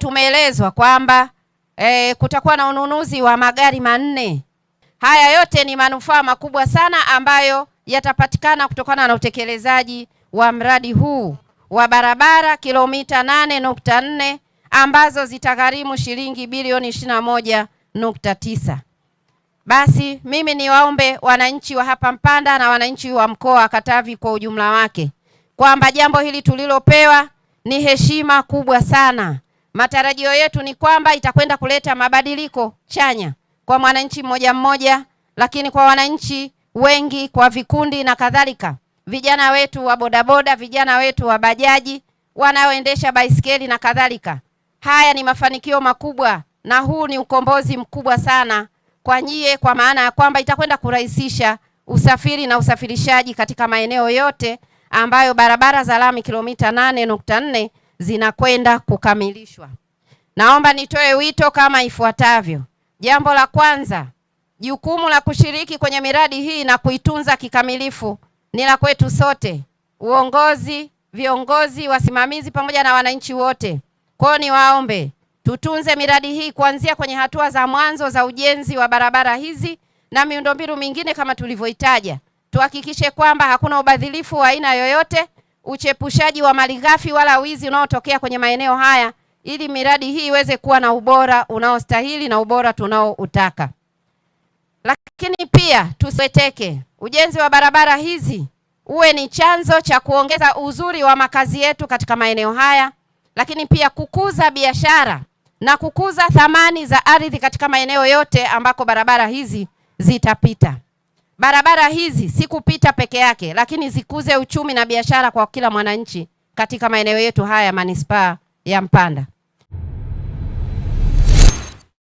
tumeelezwa kwamba e, kutakuwa na ununuzi wa magari manne. Haya yote ni manufaa makubwa sana ambayo yatapatikana kutokana na utekelezaji wa mradi huu wa barabara kilomita 8.4 ambazo zitagharimu shilingi bilioni 21.9. Basi mimi niwaombe wananchi wa hapa Mpanda na wananchi wa mkoa wa Katavi kwa ujumla wake kwamba jambo hili tulilopewa ni heshima kubwa sana. Matarajio yetu ni kwamba itakwenda kuleta mabadiliko chanya kwa mwananchi mmoja mmoja, lakini kwa wananchi wengi, kwa vikundi na kadhalika. Vijana wetu wa bodaboda, vijana wetu wa bajaji, wanaoendesha baisikeli na kadhalika. Haya ni mafanikio makubwa na huu ni ukombozi mkubwa sana kwa nyie, kwa maana ya kwamba itakwenda kurahisisha usafiri na usafirishaji katika maeneo yote ambayo barabara za lami kilomita 8.4 zinakwenda kukamilishwa. Naomba nitoe wito kama ifuatavyo. Jambo la kwanza, jukumu la kushiriki kwenye miradi hii na kuitunza kikamilifu ni la kwetu sote, uongozi, viongozi, wasimamizi pamoja na wananchi wote. ni niwaombe tutunze miradi hii kuanzia kwenye hatua za mwanzo za ujenzi wa barabara hizi na miundombinu mingine kama tulivyoitaja. Tuhakikishe kwamba hakuna ubadhilifu wa aina yoyote uchepushaji wa malighafi wala wizi unaotokea kwenye maeneo haya ili miradi hii iweze kuwa na ubora unaostahili na ubora tunaoutaka. Lakini pia tusiweteke, ujenzi wa barabara hizi uwe ni chanzo cha kuongeza uzuri wa makazi yetu katika maeneo haya, lakini pia kukuza biashara na kukuza thamani za ardhi katika maeneo yote ambako barabara hizi zitapita. Barabara hizi si kupita peke yake, lakini zikuze uchumi na biashara kwa kila mwananchi katika maeneo yetu haya ya manispaa ya Mpanda.